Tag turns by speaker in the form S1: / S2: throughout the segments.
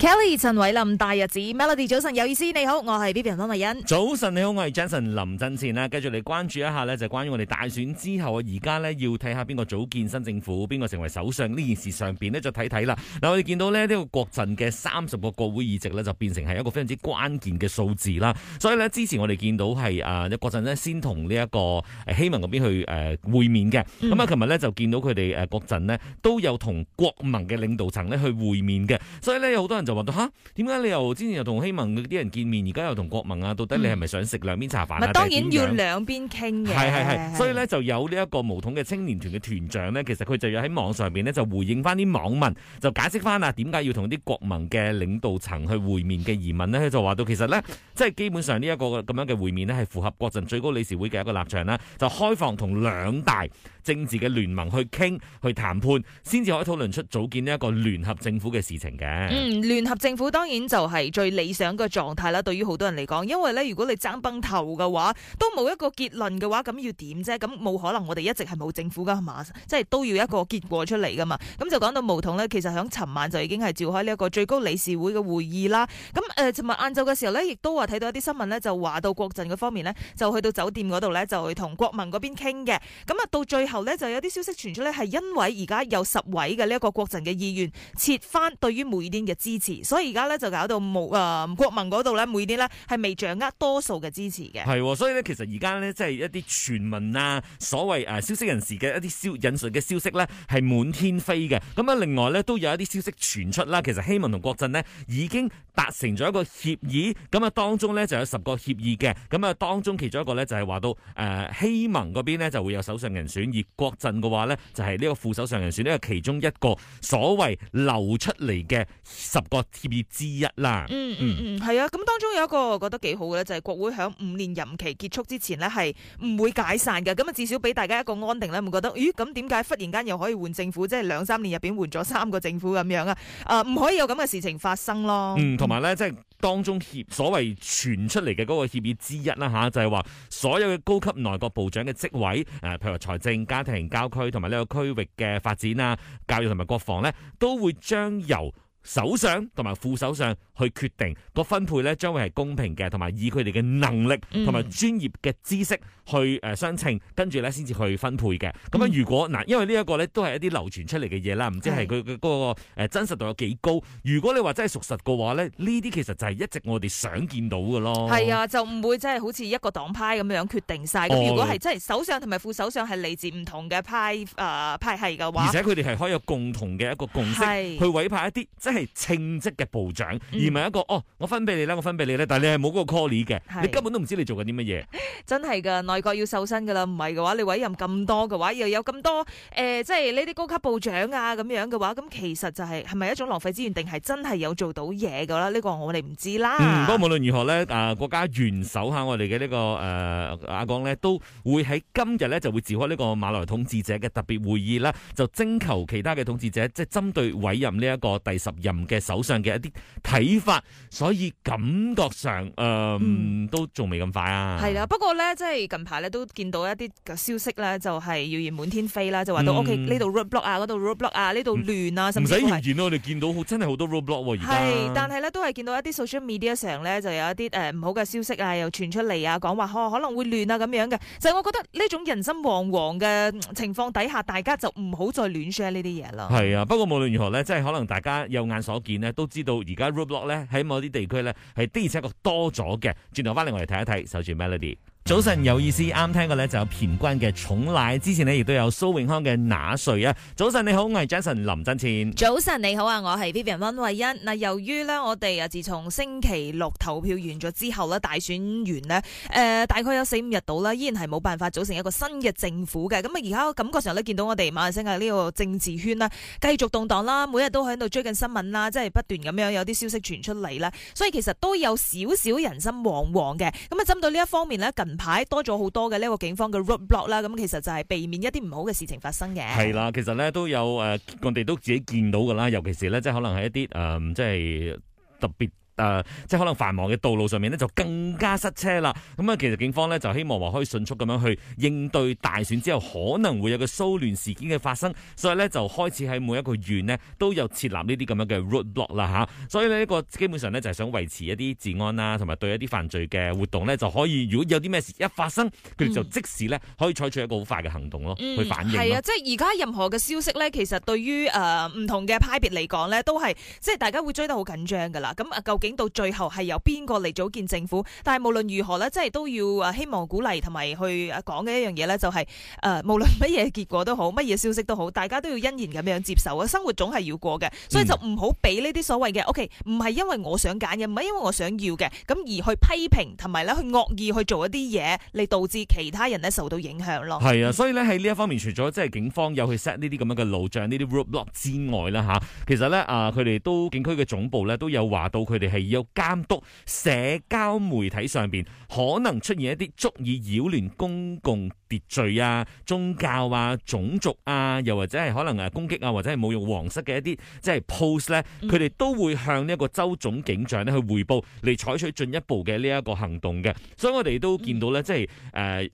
S1: Kelly 陳偉林大日子，Melody 早晨有意思，你好，我係 B B 方麗欣。
S2: 早晨你好，我係 Jenson 林振前啦。繼續嚟關注一下呢，就關於我哋大選之後啊，而家呢要睇下邊個組建新政府，邊個成為首相呢件事上邊呢，就睇睇啦。嗱，我哋見到呢呢個國陣嘅三十個國會議席呢，就變成係一個非常之關鍵嘅數字啦。所以呢，之前我哋見到係啊，國陣呢先同呢一個希盟嗰邊去誒會面嘅。咁啊，琴日呢就見到佢哋誒國陣呢都有同國盟嘅領導層呢去會面嘅。所以呢，好多人。就話到吓，點解你又之前又同希盟嗰啲人見面，而家又同國盟啊？到底你係咪想食兩邊茶飯當、啊嗯、當然要兩
S1: 邊傾嘅，係係係。所以
S2: 咧就有呢一個巫統嘅青年團嘅團長咧，其實佢就要喺網上邊咧就回應翻啲網民，就解釋翻啊點解要同啲國盟嘅領導層去會面嘅疑問咧，佢就話到其實咧，即係基本上呢一個咁樣嘅會面呢，係符合國陣最高理事會嘅一個立場啦，就開放同兩大政治嘅聯盟去傾去談判，先至可以討論出組建呢一個聯合政府嘅事情嘅。嗯，
S1: 聯合政府當然就係最理想嘅狀態啦。對於好多人嚟講，因為咧，如果你爭崩頭嘅話，都冇一個結論嘅話，咁要點啫？咁冇可能我哋一直係冇政府噶係嘛？即係都要一個結果出嚟噶嘛？咁就講到巫統呢，其實響尋晚就已經係召開呢一個最高理事會嘅會議啦。咁誒尋日晏晝嘅時候呢，亦都話睇到一啲新聞呢，就話到國陣嘅方面呢，就去到酒店嗰度呢，就去同國民嗰邊傾嘅。咁啊到最後然後呢，就有啲消息傳出呢，係因為而家有十位嘅呢一個國陣嘅議員撤翻對於每年嘅支持，所以而家呢，就搞到冇誒國盟嗰度呢，呃、每年呢，係未掌握多數嘅支持嘅。係，
S2: 所以呢，其實而家呢，即係一啲傳聞啊，所謂誒、啊、消息人士嘅一啲消引述嘅消息呢，係滿天飛嘅。咁啊，另外呢，都有一啲消息傳出啦。其實希盟同國陣呢，已經達成咗一個協議，咁啊當中呢，就有十個協議嘅。咁啊當中其中一個呢，就係話到誒希盟嗰邊呢，就會有首相人選。國陣嘅話咧，就係呢個副首相人選呢個其中一個所謂流出嚟嘅十個協議之一啦，嗯嗯。嗯嗯
S1: 嗯，係啊，咁當中有一個我覺得幾好嘅咧，就係、是、國會響五年任期結束之前呢，係唔會解散嘅。咁啊，至少俾大家一個安定咧，唔覺得？咦，咁點解忽然間又可以換政府？即係兩三年入邊換咗三個政府咁樣啊？唔、呃、可以有咁嘅事情發生咯。嗯，同
S2: 埋咧，即、就、係、是。當中協所謂傳出嚟嘅嗰個協議之一啦嚇，就係話所有嘅高級內閣部長嘅職位，誒，譬如財政、家庭、郊區同埋呢個區域嘅發展啊、教育同埋國防呢，都會將由，首相同埋副首相去決定個分配咧，將會係公平嘅，同埋以佢哋嘅能力同埋專業嘅知識去誒相稱，跟住咧先至去分配嘅。咁樣、嗯、如果嗱，因為呢一個咧都係一啲流傳出嚟嘅嘢啦，唔知係佢嘅嗰個真實度有幾高。如果你話真係屬實嘅話咧，呢啲其實就係一直我哋想見到嘅咯。係
S1: 啊，就唔會真係好似一個黨派咁樣決定晒。咁、哦、如果係真係首相同埋副首相係嚟自唔同嘅派誒、呃、派系嘅話，而且佢
S2: 哋係可以有共同嘅一個共識是去委派一啲。係稱職嘅部長，而唔係一個、嗯、哦，我分俾你啦，我分俾你咧，但係你係冇嗰個 call 嘅，是你根本都唔知你做緊啲乜嘢。
S1: 真係噶，內閣要瘦身噶啦，唔係嘅話，你委任咁多嘅話，又有咁多誒，即係呢啲高級部長啊，咁樣嘅話，咁其實就係係咪一種浪費資源，定係真係有做到嘢噶、這個、啦？呢、嗯，那個我哋唔知啦。不
S2: 過無論如何咧，啊、呃，國家元首下，我哋嘅呢個誒、呃，阿剛咧都會喺今日咧就會召開呢個馬來統治者嘅特別會議啦，就徵求其他嘅統治者，即係針對委任呢一個第十。任嘅手上嘅一啲睇法，所以感覺上誒、呃嗯、都仲未咁快啊。係啦、
S1: 啊，不過咧，即係近排咧都見到一啲嘅消息咧，就係謠言滿天飛啦，就話到 OK 呢度 roadblock 啊，度、嗯、roadblock 啊，呢度亂啊，甚至唔使謠
S2: 言咯，我哋見到真係好多 roadblock 喎、啊。而家但
S1: 係咧都係見到一啲 social media 上咧就有一啲誒唔好嘅消息啊，又傳出嚟啊，講話可可能會亂啊咁樣嘅。就是、我覺得呢種人心惶惶嘅情況底下，大家就唔好再亂 share 呢啲嘢啦。係
S2: 啊，不過無論如何咧，即係可能大家又眼所見咧，都知道而家 roadblock 咧喺某啲地區咧係的而且確多咗嘅。轉頭返嚟，我哋睇一睇守住 Melody。早晨有意思，啱聽嘅呢就有田君嘅寵愛，之前呢亦都有蘇永康嘅那誰啊！早晨你好，我係 Jason 林振錢。
S1: 早晨你好啊，我係 Vivian 溫慧欣。嗱，由於呢，我哋啊自從星期六投票完咗之後呢大選完呢，誒、呃、大概有四五日到啦，依然係冇辦法組成一個新嘅政府嘅。咁啊而家我感覺上呢見到我哋馬來西亞呢個政治圈啦，繼續動盪啦，每日都喺度追緊新聞啦，即係不斷咁樣有啲消息傳出嚟啦，所以其實都有少少人心惶惶嘅。咁啊針對呢一方面呢。近。牌多咗好多嘅呢個警方嘅 roadblock 啦，咁其實就係避免一啲唔好嘅事情發生嘅。係
S2: 啦，其實咧都有誒、呃，我哋都自己見到噶啦，尤其是咧即係可能係一啲誒、呃，即係特別。誒、呃，即係可能繁忙嘅道路上面呢，就更加塞車啦。咁啊，其實警方呢，就希望話可以迅速咁樣去應對大選之後可能會有個騷亂事件嘅發生，所以呢，就開始喺每一個縣呢，都有設立呢啲咁樣嘅 roadblock 啦，吓。所以呢，呢個基本上呢，就係想維持一啲治安啊，同埋對一啲犯罪嘅活動呢，就可以，如果有啲咩事一發生，佢哋就即時呢，可以採取一個好快嘅行動咯，去反應。係、嗯、啊，即係
S1: 而家任何嘅消息呢，其實對於誒唔同嘅派別嚟講呢，都係即係大家會追得好緊張噶啦。咁啊，究竟到最後係由邊個嚟組建政府？但係無論如何咧，即係都要啊，希望鼓勵同埋去講嘅一樣嘢咧，就係誒，無論乜嘢結果都好，乜嘢消息都好，大家都要欣然咁樣接受啊！生活總係要過嘅，所以就唔好俾呢啲所謂嘅 OK，唔係因為我想揀嘅，唔係因為我想要嘅，咁而去批評同埋咧去惡意去做一啲嘢，嚟導致其他人咧受到影響咯。係
S2: 啊，所以咧喺呢一方面，除咗即係警方有去 set 呢啲咁樣嘅路障、呢啲 roadblock 之外啦，吓，其實咧啊，佢哋都警區嘅總部咧都有話到佢哋，係要監督社交媒體上邊可能出現一啲足以擾亂公共秩序啊、宗教啊、種族啊，又或者係可能誒攻擊啊，或者係侮辱皇室嘅一啲即係 post 咧，佢哋都會向呢一個州總警長咧去彙報，嚟採取進一步嘅呢一個行動嘅。所以我哋都見到咧，即係誒。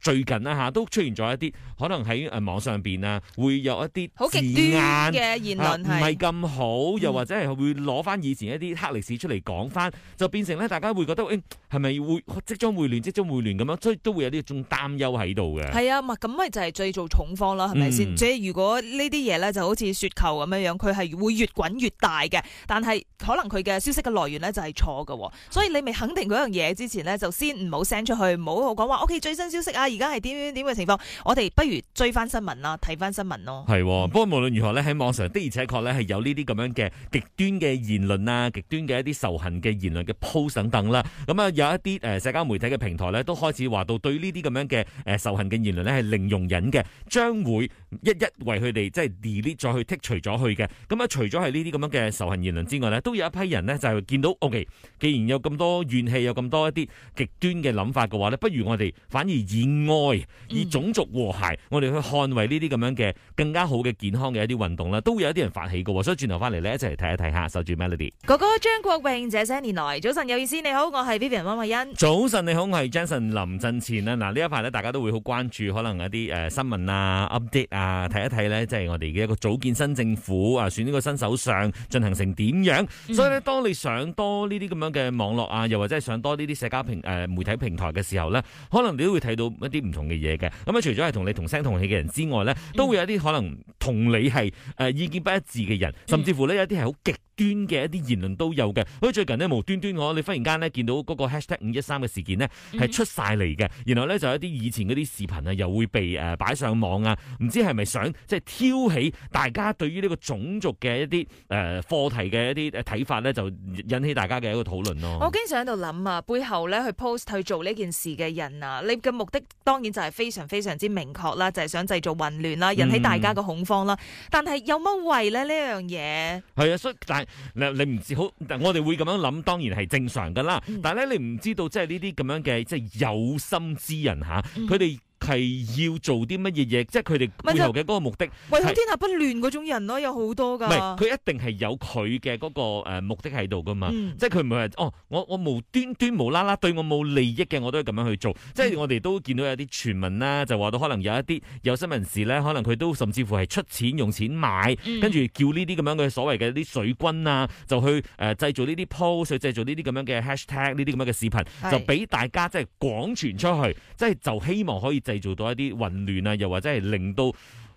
S2: 最近啊吓都出現咗一啲可能喺誒網上邊啊，會有一啲好極端嘅言論是，唔係咁好，嗯、又或者係會攞翻以前一啲黑歷史出嚟講翻，就變成咧大家會覺得誒係咪會即將會亂即將會亂咁樣，所以都會有呢種擔憂喺度嘅。
S1: 係啊，咁咪就係再做重方啦，係咪先？嗯、即係如果呢啲嘢咧就好似雪球咁樣樣，佢係會越滾越大嘅。但係可能佢嘅消息嘅來源咧就係錯嘅，所以你未肯定樣嘢之前咧，就先唔好 send 出去，唔好講話 OK 最新消息啊！而家係點點點嘅情況，我哋不如追翻新聞啦，睇翻新聞咯。
S2: 係、哦，不過無論如何咧，喺網上的而且確咧係有呢啲咁樣嘅極端嘅言論啊，極端嘅一啲仇恨嘅言論嘅 post 等等啦。咁、嗯、啊，有一啲誒社交媒體嘅平台咧，都開始話到對呢啲咁樣嘅誒、呃、仇恨嘅言論呢係零容忍嘅，將會一一為佢哋即係、就是、delete 咗去剔除咗佢嘅。咁、嗯、啊，除咗係呢啲咁樣嘅仇恨言論之外呢，都有一批人呢，就係、是、見到，OK，既然有咁多怨氣，有咁多一啲極端嘅諗法嘅話呢，不如我哋反而以愛以種族和諧，我哋去捍衛呢啲咁樣嘅更加好嘅健康嘅一啲運動啦，都有一啲人發起嘅，所以轉頭翻嚟呢，一齊嚟睇一睇下。守住 Melody，
S1: 哥哥張國榮這些年來早晨有意思，你好，我係 Vivian 温慧欣。
S2: 早晨你好，我係 Jason 林振前啦。嗱呢一排呢，大家都會好關注，可能一啲誒新聞啊 update 啊，睇一睇呢，即係我哋嘅一個組建新政府啊，選呢個新首相進行成點樣？所以咧，當你想多呢啲咁樣嘅網絡啊，又或者係想多呢啲社交平誒媒體平台嘅時候呢，可能你都會睇到。啲唔同嘅嘢嘅，咁啊除咗係同你同聲同氣嘅人之外咧，都會有一啲可能同你係誒意見不一致嘅人，甚至乎咧有啲係好極端嘅一啲言論都有嘅。所以最近咧無端端我你忽然間咧見到嗰、那個 hashtag 五一三嘅事件咧係出晒嚟嘅，嗯、然後咧就有一啲以前嗰啲視頻啊又會被誒擺上網啊，唔知係咪想即係挑起大家對於呢個種族嘅一啲誒課題嘅一啲誒睇法咧就引起大家嘅一個討論咯。我
S1: 經常喺度諗啊，背後咧去 post 去做呢件事嘅人啊，你嘅目的？當然就係非常非常之明確啦，就係、是、想製造混亂啦，引起大家嘅恐慌啦。嗯、但係有乜為咧呢樣嘢？
S2: 係啊、嗯，所以但係你你唔知好，我哋會咁樣諗，當然係正常㗎啦。嗯、但係咧，你唔知道即係呢啲咁樣嘅即係有心之人嚇，佢哋、嗯。係要做啲乜嘢嘢，即係佢哋背後嘅嗰個目的，唯恐是是天下
S1: 不亂嗰種人咯，啊，有好多噶。唔係，佢
S2: 一定係有佢嘅嗰個誒目的喺度噶嘛，嗯、即係佢唔係哦，我我無端端無啦啦對我冇利益嘅，我都係咁樣去做。即係我哋都見到有啲傳聞啦，就話到可能有一啲有心人士咧，可能佢都甚至乎係出錢用錢買，跟住、嗯、叫呢啲咁樣嘅所謂嘅啲水軍啊，就去誒製、呃、造呢啲 post，製造呢啲咁樣嘅 hashtag，呢啲咁樣嘅視頻，就俾大家即係廣傳出去，即、就、係、是、就希望可以。製造到一啲混亂啊，又或者係令到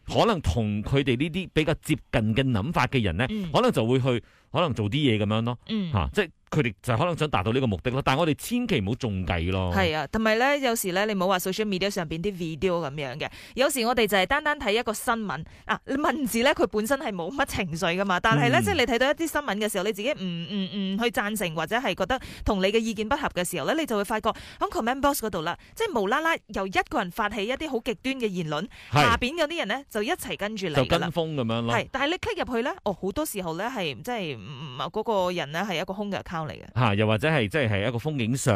S2: 可能同佢哋呢啲比較接近嘅諗法嘅人咧，嗯，可能就會去可能做啲嘢咁樣咯，吓，嗯啊，即係。佢哋就可能想達到呢個目的咯，但係我哋千祈唔好中計咯。係
S1: 啊，同埋咧，有時咧，你冇話 social media 上邊啲 video 咁樣嘅，有時我哋就係單單睇一個新聞啊文字咧，佢本身係冇乜情緒噶嘛。但係咧，嗯、即係你睇到一啲新聞嘅時候，你自己唔唔唔去贊成或者係覺得同你嘅意見不合嘅時候咧，你就會發覺喺 comment box 嗰度啦，即係無啦啦由一個人發起一啲好極端嘅言論，是下邊嗰啲人咧就一齊跟住嚟。就跟風咁樣咯。係，但係你 click 入去咧，哦，好多時候咧係即係嗰、嗰個人咧係一個空嘅
S2: 吓，又或者係即係一個風景相，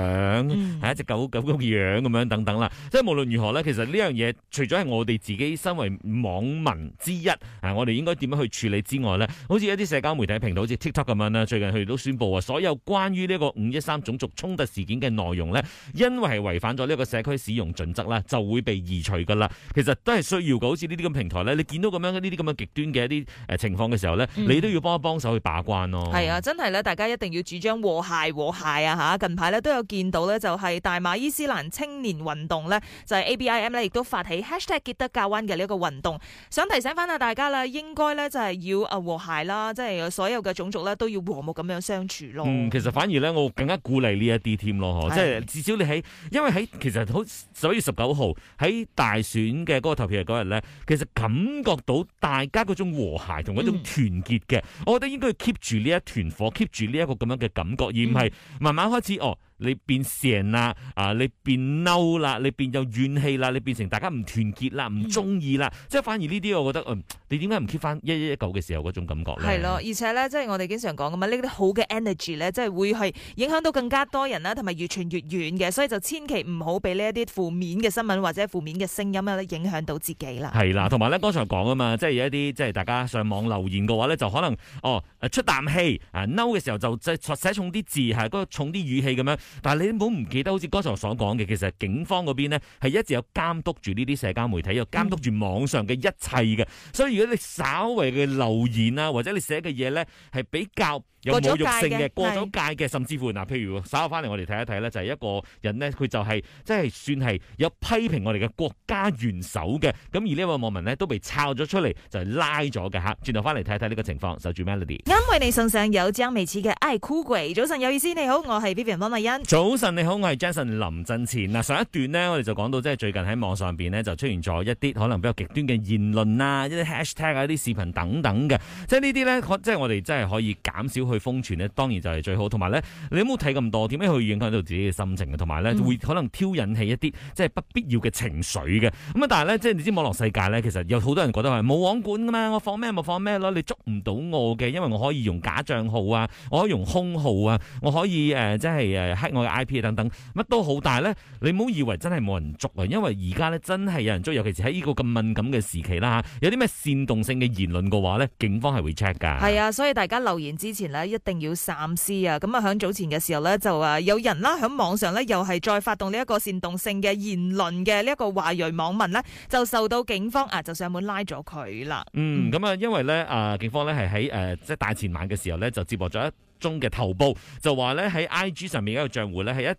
S2: 係一隻狗狗嘅樣咁樣等等啦。即係無論如何呢，其實呢樣嘢，除咗係我哋自己身為網民之一，啊，我哋應該點樣去處理之外呢，好似一啲社交媒體平台，好似 TikTok 咁樣啦，最近佢哋都宣布啊，所有關於呢個五一三種族衝突事件嘅內容呢，因為係違反咗呢個社區使用準則啦，就會被移除噶啦。其實都係需要好似呢啲咁平台呢，你見到咁樣呢啲咁嘅極端嘅一啲情況嘅時候呢，你都要幫一幫手去把關咯。係
S1: 啊，真係咧，大家一定要主張。和諧和諧啊，吓！近排咧，都有見到咧，就係大馬伊斯蘭青年運動咧，就係、是、A B I M 咧，亦都發起 hashtag 吉德噶灣嘅呢一個運動。想提醒翻下大家啦，應該咧就係要啊和諧啦，即、就、係、是、所有嘅種族咧都要和睦咁樣相處咯、嗯。
S2: 其實反而咧我更加鼓勵呢一啲添咯，即係的至少你喺，因為喺其實好十一月十九號喺大選嘅嗰個投票日嗰日咧，其實感覺到大家嗰種和諧同一種團結嘅，嗯、我覺得應該要 keep 住呢一團火，keep 住呢一個咁樣嘅感覺。唔覺意，唔係慢慢開始哦。你變成啦，啊！你變嬲啦，你變有怨氣啦，你變成大家唔團結啦，唔中意啦，即係、嗯、反而呢啲，我覺得、哎、你點解唔 keep 翻一一一九嘅時候嗰種感覺咧？係咯，
S1: 而且咧，即係我哋經常講㗎嘛，呢啲好嘅 energy 咧，即係會係影響到更加多人啦，同埋越傳越遠嘅，所以就千祈唔好俾呢一啲負面嘅新聞或者負面嘅聲音影響到自己啦。
S2: 係啦，同埋咧，剛才講啊嘛，即係有一啲即係大家上網留言嘅話咧，就可能哦出啖氣啊嬲嘅時候就即寫重啲字，係嗰個重啲語氣咁樣。但係你冇唔記得，好似剛才我所講嘅，其實警方嗰邊咧，係一直有監督住呢啲社交媒體，有監督住網上嘅一切嘅，嗯、所以如果你稍微嘅留言啊，或者你寫嘅嘢咧，係比較。過界有冇辱性嘅？過咗界嘅，甚至乎嗱，譬如稍後翻嚟，我哋睇一睇咧，就係、是、一個人呢，佢就係即係算係有批評我哋嘅國家元首嘅。咁而呢一位網民呢，都被抄咗出嚟，就係拉咗嘅嚇。轉頭翻嚟睇一睇呢個情況，守住 melody，
S1: 因為你信上有張未恥嘅 i k u g 早晨有意思，你好，我係 Vivian 潘麗欣。
S2: 早晨你好，我係 Jason 林振前。嗱，上一段呢，我哋就講到即係最近喺網上邊呢，就出現咗一啲可能比較極端嘅言論啊，一啲 hashtag 啊，一啲視頻等等嘅，即係呢啲呢，即係我哋真係可以減少去。封存呢當然就係最好。同埋咧，你有冇睇咁多，點樣去影響到自己嘅心情啊？同埋咧，會可能挑引起一啲即係不必要嘅情緒嘅咁啊。但係咧，即係你知網絡世界咧，其實有好多人覺得話冇網管噶嘛，我放咩咪放咩咯，你捉唔到我嘅，因為我可以用假帳號啊，我可以用空號啊，我可以即係、呃啊、黑我嘅 I P 等等乜都好。但係咧，你唔好以為真係冇人捉啊，因為而家咧真係有人捉，尤其是喺呢個咁敏感嘅時期啦嚇，有啲咩煽動性嘅言論嘅話咧，警方係會 check 㗎。係
S1: 啊，所以大家留言之前咧一定要三思啊！咁啊，響早前嘅時候咧，就啊有人啦，響網上咧又係再發動呢一個煽動性嘅言論嘅呢一個華裔網民咧，就受到警方啊，就上門拉咗佢啦。嗯，
S2: 咁啊，因為咧，啊、呃、警方咧係喺誒即係大前晚嘅時候咧，就接獲咗一。中嘅頭部就話咧喺 IG 上面一個賬戶咧係一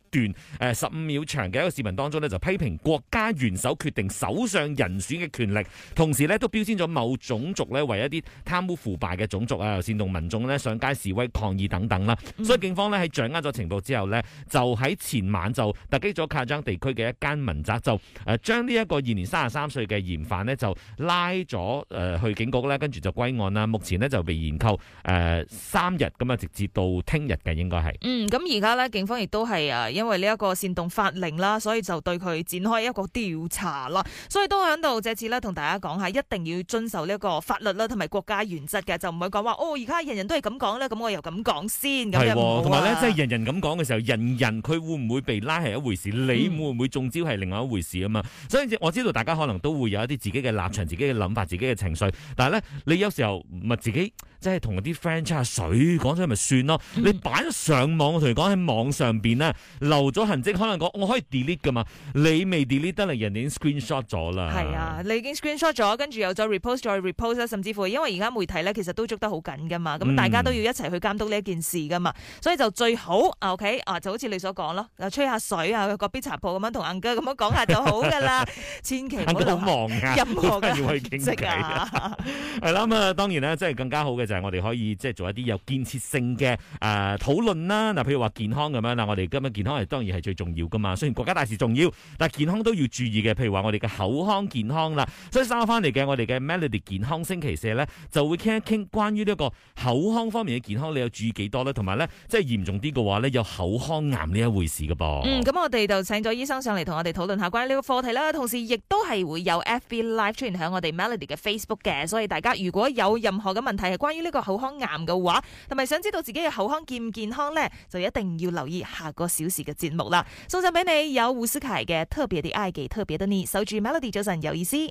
S2: 段誒十五秒長嘅一個視頻當中咧就批評國家元首決定首相人選嘅權力，同時咧都標籤咗某種族咧為一啲貪污腐敗嘅種族啊，又煽動民眾咧上街示威抗議等等啦。所以警方咧喺掌握咗情報之後咧，就喺前晚就突擊咗卡章地區嘅一間民宅，就誒將呢一個現年三十三歲嘅嫌犯咧就拉咗誒去警局咧，跟住就歸案啦。目前咧就被研扣誒三日咁啊，直接。到聽日嘅，應該係
S1: 嗯，咁而家咧，警方亦都係啊，因為呢一個煽動法令啦，所以就對佢展開一個調查啦。所以都喺度借此咧，同大家講下，一定要遵守呢一個法律啦，同埋國家原則嘅，就唔係講話哦。而家人人都係咁講咧，咁我又咁講先，咁又唔好。同埋咧，即係
S2: 人人咁講嘅時候，人人佢會唔會被拉係一回事，你會唔會中招係另外一回事啊嘛。所以我知道大家可能都會有一啲自己嘅立場、自己嘅諗法、自己嘅情緒，但係咧，你有時候咪自己。即係同啲 friend 吹下水，講咗咪算咯。你擺咗上網，我同你講喺網上邊咧留咗痕跡，可能講我可以 delete 噶嘛。你未 delete 得嚟，人哋已經 screen shot 咗啦。係
S1: 啊，你已經 screen shot 咗，跟住又再 report 再 report 啦，甚至乎因為而家媒體咧，其實都捉得好緊噶嘛。咁大家都要一齊去監督呢一件事噶嘛。所以就最好，ok 啊，okay, 就好似你所講咯，吹下水啊，各邊茶鋪咁樣同銀哥咁樣講下就好噶啦， 千祈唔好忘任何要要去係
S2: 啦，咁啊、 嗯，當然咧，即係更加好嘅。就係我哋可以即係做一啲有建設性嘅誒討論啦。嗱，譬如話健康咁樣啦，我哋今日健康係當然係最重要噶嘛。雖然國家大事重要，但係健康都要注意嘅。譬如話我哋嘅口腔健康啦，所以三個翻嚟嘅我哋嘅 Melody 健康星期四咧，就會傾一傾關於呢個口腔方面嘅健康，你有注意幾多咧？同埋咧，即係嚴重啲嘅話咧，有口腔癌呢一回事㗎噃。嗯，
S1: 咁我哋就請咗醫生上嚟同我哋討論下關於呢個課題啦。同時亦都係會有 FB Live 出現喺我哋 Melody 嘅 Facebook 嘅，所以大家如果有任何嘅問題係關於呢個口腔癌嘅話，同埋想知道自己嘅口腔健唔健康咧，就一定要留意下個小時嘅節目啦。送上俾你有胡思琪嘅特別嘅 IG 特別嘅你，守住 Melody 早晨有意思。